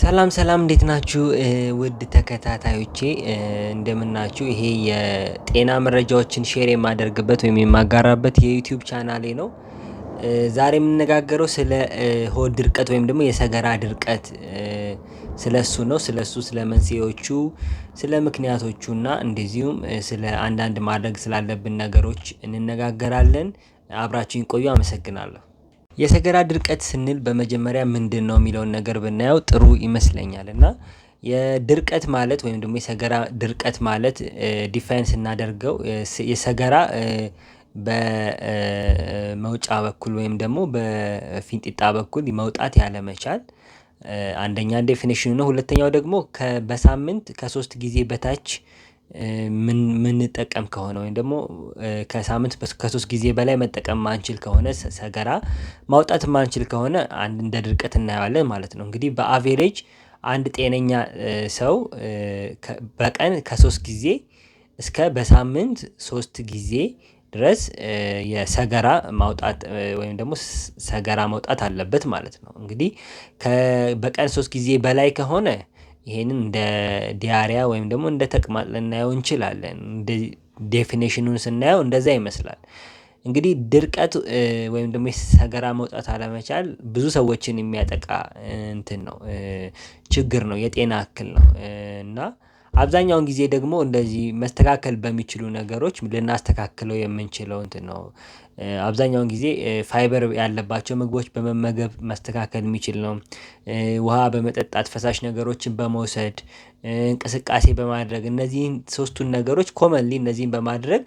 ሰላም ሰላም እንዴት ናችሁ? ውድ ተከታታዮቼ እንደምናችሁ። ይሄ የጤና መረጃዎችን ሼር የማደርግበት ወይም የማጋራበት የዩቲዩብ ቻናሌ ነው። ዛሬ የምነጋገረው ስለ ሆድ ድርቀት ወይም ደግሞ የሰገራ ድርቀት ስለ እሱ ነው። ስለ እሱ፣ ስለ መንስኤዎቹ፣ ስለ ምክንያቶቹ እና እንደዚሁም ስለ አንዳንድ ማድረግ ስላለብን ነገሮች እንነጋገራለን። አብራችሁ ቆዩ። አመሰግናለሁ። የሰገራ ድርቀት ስንል በመጀመሪያ ምንድን ነው የሚለውን ነገር ብናየው ጥሩ ይመስለኛል እና የድርቀት ማለት ወይም ደግሞ የሰገራ ድርቀት ማለት ዲፋይን ስናደርገው የሰገራ በመውጫ በኩል ወይም ደግሞ በፊንጢጣ በኩል መውጣት ያለመቻል አንደኛ ዴፊኔሽኑ ነው። ሁለተኛው ደግሞ በሳምንት ከሶስት ጊዜ በታች ምንጠቀም ከሆነ ወይም ደግሞ ከሳምንት ከሶስት ጊዜ በላይ መጠቀም ማንችል ከሆነ ሰገራ ማውጣት ማንችል ከሆነ አንድ እንደ ድርቀት እናየዋለን ማለት ነው። እንግዲህ በአቬሬጅ አንድ ጤነኛ ሰው በቀን ከሶስት ጊዜ እስከ በሳምንት ሶስት ጊዜ ድረስ የሰገራ ማውጣት ወይም ደግሞ ሰገራ መውጣት አለበት ማለት ነው። እንግዲህ በቀን ሶስት ጊዜ በላይ ከሆነ ይሄንን እንደ ዲያሪያ ወይም ደግሞ እንደ ተቅማጥ ልናየው እንችላለን። እንደ ዴፊኔሽኑን ስናየው እንደዛ ይመስላል። እንግዲህ ድርቀት ወይም ደግሞ የሰገራ መውጣት አለመቻል ብዙ ሰዎችን የሚያጠቃ እንትን ነው ችግር ነው የጤና እክል ነው እና አብዛኛውን ጊዜ ደግሞ እንደዚህ መስተካከል በሚችሉ ነገሮች ልናስተካክለው የምንችለው እንትን ነው። አብዛኛውን ጊዜ ፋይበር ያለባቸው ምግቦች በመመገብ መስተካከል የሚችል ነው። ውሃ በመጠጣት ፈሳሽ ነገሮችን በመውሰድ እንቅስቃሴ በማድረግ እነዚህን ሶስቱን ነገሮች ኮመንሊ እነዚህን በማድረግ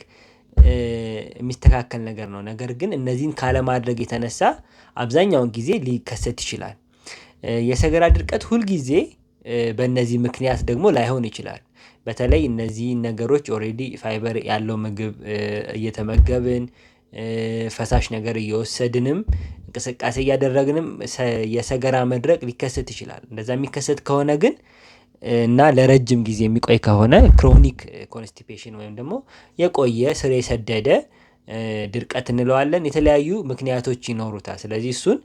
የሚስተካከል ነገር ነው። ነገር ግን እነዚህን ካለማድረግ የተነሳ አብዛኛውን ጊዜ ሊከሰት ይችላል። የሰገራ ድርቀት ሁል ጊዜ በእነዚህ ምክንያት ደግሞ ላይሆን ይችላል። በተለይ እነዚህ ነገሮች ኦሬዲ ፋይበር ያለው ምግብ እየተመገብን ፈሳሽ ነገር እየወሰድንም እንቅስቃሴ እያደረግንም የሰገራ መድረቅ ሊከሰት ይችላል። እንደዛ የሚከሰት ከሆነ ግን እና ለረጅም ጊዜ የሚቆይ ከሆነ ክሮኒክ ኮንስቲፔሽን ወይም ደግሞ የቆየ ስር የሰደደ ድርቀት እንለዋለን። የተለያዩ ምክንያቶች ይኖሩታል። ስለዚህ እሱን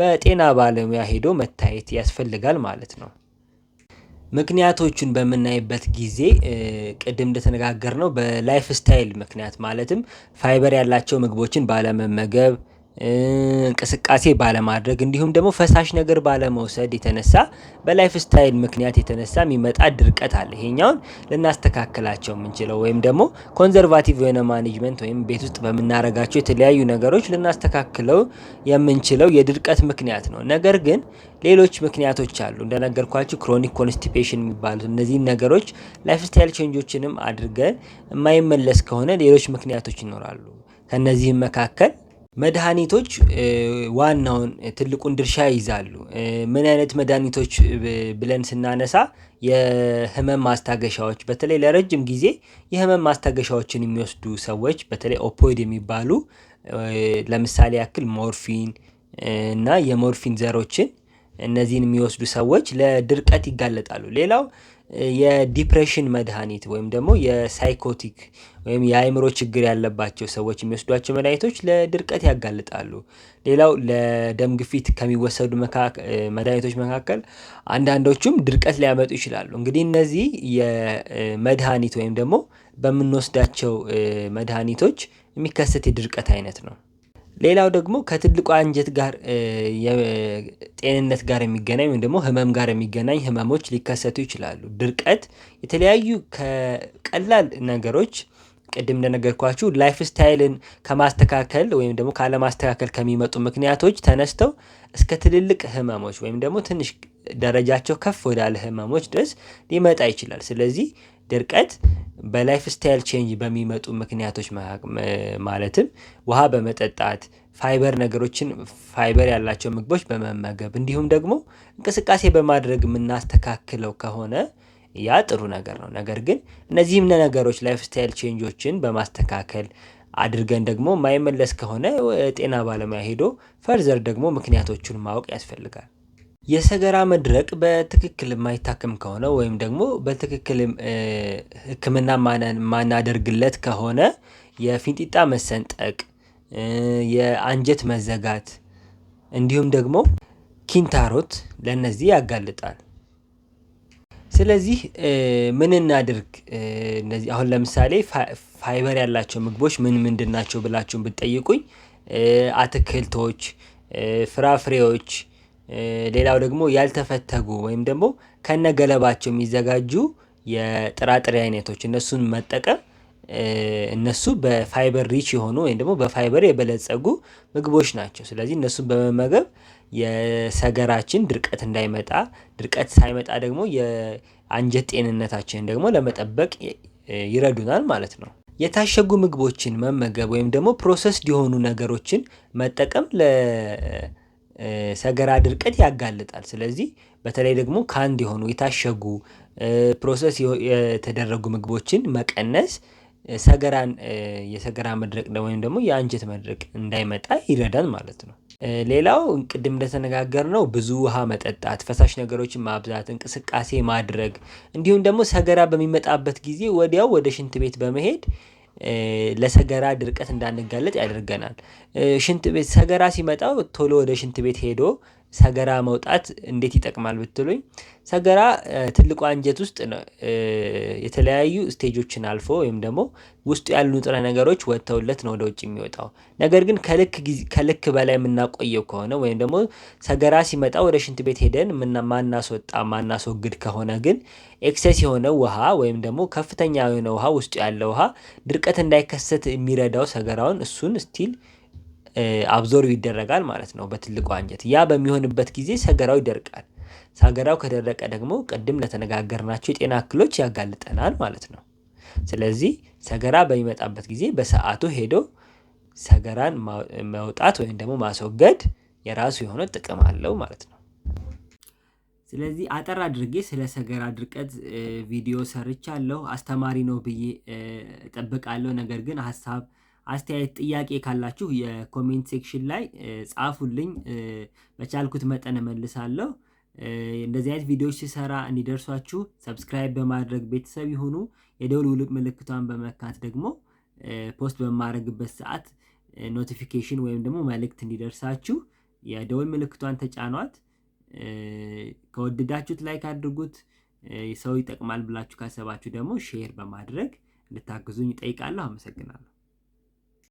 በጤና ባለሙያ ሄዶ መታየት ያስፈልጋል ማለት ነው ምክንያቶቹን በምናይበት ጊዜ ቅድም ነው በላይፍ ስታይል ምክንያት ማለትም ፋይበር ያላቸው ምግቦችን ባለመመገብ እንቅስቃሴ ባለማድረግ እንዲሁም ደግሞ ፈሳሽ ነገር ባለመውሰድ የተነሳ በላይፍ ስታይል ምክንያት የተነሳ የሚመጣ ድርቀት አለ። ይሄኛውን ልናስተካክላቸው የምንችለው ወይም ደግሞ ኮንዘርቫቲቭ የሆነ ማኔጅመንት ወይም ቤት ውስጥ በምናረጋቸው የተለያዩ ነገሮች ልናስተካክለው የምንችለው የድርቀት ምክንያት ነው። ነገር ግን ሌሎች ምክንያቶች አሉ። እንደነገርኳቸው ክሮኒክ ኮንስቲፔሽን የሚባሉት እነዚህን ነገሮች ላይፍ ስታይል ቼንጆችንም አድርገን የማይመለስ ከሆነ ሌሎች ምክንያቶች ይኖራሉ። ከእነዚህም መካከል መድኃኒቶች ዋናውን ትልቁን ድርሻ ይይዛሉ። ምን አይነት መድኃኒቶች ብለን ስናነሳ የህመም ማስታገሻዎች በተለይ ለረጅም ጊዜ የህመም ማስታገሻዎችን የሚወስዱ ሰዎች በተለይ ኦፖይድ የሚባሉ ለምሳሌ ያክል ሞርፊን እና የሞርፊን ዘሮችን እነዚህን የሚወስዱ ሰዎች ለድርቀት ይጋለጣሉ። ሌላው የዲፕሬሽን መድኃኒት ወይም ደግሞ የሳይኮቲክ ወይም የአእምሮ ችግር ያለባቸው ሰዎች የሚወስዷቸው መድኃኒቶች ለድርቀት ያጋልጣሉ። ሌላው ለደም ግፊት ከሚወሰዱ መድኃኒቶች መካከል አንዳንዶቹም ድርቀት ሊያመጡ ይችላሉ። እንግዲህ እነዚህ የመድኃኒት ወይም ደግሞ በምንወስዳቸው መድኃኒቶች የሚከሰት የድርቀት አይነት ነው። ሌላው ደግሞ ከትልቋ አንጀት ጋር ጤንነት ጋር የሚገናኝ ወይም ደግሞ ህመም ጋር የሚገናኝ ህመሞች ሊከሰቱ ይችላሉ። ድርቀት፣ የተለያዩ ከቀላል ነገሮች ቅድም እንደነገርኳችሁ ላይፍ ስታይልን ከማስተካከል ወይም ደግሞ ካለማስተካከል ከሚመጡ ምክንያቶች ተነስተው እስከ ትልልቅ ህመሞች ወይም ደግሞ ትንሽ ደረጃቸው ከፍ ወዳለ ህመሞች ድረስ ሊመጣ ይችላል። ስለዚህ ድርቀት በላይፍ ስታይል ቼንጅ በሚመጡ ምክንያቶች ማለትም ውሃ በመጠጣት ፋይበር ነገሮችን ፋይበር ያላቸው ምግቦች በመመገብ እንዲሁም ደግሞ እንቅስቃሴ በማድረግ የምናስተካክለው ከሆነ ያ ጥሩ ነገር ነው። ነገር ግን እነዚህም ነገሮች ላይፍ ስታይል ቼንጆችን በማስተካከል አድርገን ደግሞ ማይመለስ ከሆነ ጤና ባለሙያ ሄዶ ፈርዘር ደግሞ ምክንያቶቹን ማወቅ ያስፈልጋል የሰገራ መድረቅ በትክክል የማይታከም ከሆነ ወይም ደግሞ በትክክል ህክምና ማናደርግለት ከሆነ የፊንጢጣ መሰንጠቅ፣ የአንጀት መዘጋት እንዲሁም ደግሞ ኪንታሮት ለእነዚህ ያጋልጣል። ስለዚህ ምን እናድርግ? እነዚህ አሁን ለምሳሌ ፋይበር ያላቸው ምግቦች ምን ምንድን ናቸው ብላችሁን ብትጠይቁኝ አትክልቶች፣ ፍራፍሬዎች ሌላው ደግሞ ያልተፈተጉ ወይም ደግሞ ከነ ገለባቸው የሚዘጋጁ የጥራጥሬ አይነቶች እነሱን መጠቀም እነሱ በፋይበር ሪች የሆኑ ወይም ደግሞ በፋይበር የበለጸጉ ምግቦች ናቸው። ስለዚህ እነሱን በመመገብ የሰገራችን ድርቀት እንዳይመጣ ድርቀት ሳይመጣ ደግሞ የአንጀት ጤንነታችንን ደግሞ ለመጠበቅ ይረዱናል ማለት ነው። የታሸጉ ምግቦችን መመገብ ወይም ደግሞ ፕሮሰስድ የሆኑ ነገሮችን መጠቀም ለ ሰገራ ድርቀት ያጋልጣል። ስለዚህ በተለይ ደግሞ ካንድ የሆኑ የታሸጉ ፕሮሰስ የተደረጉ ምግቦችን መቀነስ ሰገራን የሰገራ መድረቅ ወይም ደግሞ የአንጀት መድረቅ እንዳይመጣ ይረዳል ማለት ነው። ሌላው ቅድም ነው ብዙ ውሃ መጠጣት፣ ፈሳሽ ነገሮችን ማብዛት፣ እንቅስቃሴ ማድረግ እንዲሁም ደግሞ ሰገራ በሚመጣበት ጊዜ ወዲያው ወደ ሽንት ቤት በመሄድ ለሰገራ ድርቀት እንዳንጋለጥ ያደርገናል። ሽንት ቤት ሰገራ ሲመጣው ቶሎ ወደ ሽንት ቤት ሄዶ ሰገራ መውጣት እንዴት ይጠቅማል ብትሉኝ፣ ሰገራ ትልቋ አንጀት ውስጥ ነው የተለያዩ ስቴጆችን አልፎ ወይም ደግሞ ውስጡ ያሉ ንጥረ ነገሮች ወጥተውለት ነው ወደ ውጭ የሚወጣው። ነገር ግን ከልክ በላይ የምናቆየው ከሆነ ወይም ደግሞ ሰገራ ሲመጣ ወደ ሽንት ቤት ሄደን ማናስወጣ ማናስወግድ ከሆነ ግን ኤክሰስ የሆነ ውሃ ወይም ደግሞ ከፍተኛ የሆነ ውሃ ውስጡ ያለ ውሃ ድርቀት እንዳይከሰት የሚረዳው ሰገራውን እሱን ስቲል አብዞር ይደረጋል ማለት ነው በትልቁ አንጀት። ያ በሚሆንበት ጊዜ ሰገራው ይደርቃል። ሰገራው ከደረቀ ደግሞ ቅድም ለተነጋገርናቸው የጤና እክሎች ያጋልጠናል ማለት ነው። ስለዚህ ሰገራ በሚመጣበት ጊዜ በሰዓቱ ሄዶ ሰገራን መውጣት ወይም ደግሞ ማስወገድ የራሱ የሆነ ጥቅም አለው ማለት ነው። ስለዚህ አጠር አድርጌ ስለ ሰገራ ድርቀት ቪዲዮ ሰርቻለሁ። አስተማሪ ነው ብዬ እጠብቃለሁ። ነገር ግን ሀሳብ አስተያየት፣ ጥያቄ ካላችሁ የኮሜንት ሴክሽን ላይ ጻፉልኝ። በቻልኩት መጠን መልሳለሁ። እንደዚህ አይነት ቪዲዮዎች ሲሰራ እንዲደርሷችሁ ሰብስክራይብ በማድረግ ቤተሰብ ይሁኑ። የደውል ምልክቷን በመካት ደግሞ ፖስት በማድረግበት ሰዓት ኖቲፊኬሽን ወይም ደግሞ መልእክት እንዲደርሳችሁ የደውል ምልክቷን ተጫኗት። ከወደዳችሁት ላይክ አድርጉት። ሰው ይጠቅማል ብላችሁ ካሰባችሁ ደግሞ ሼር በማድረግ እንድታግዙኝ ይጠይቃለሁ። አመሰግናለሁ።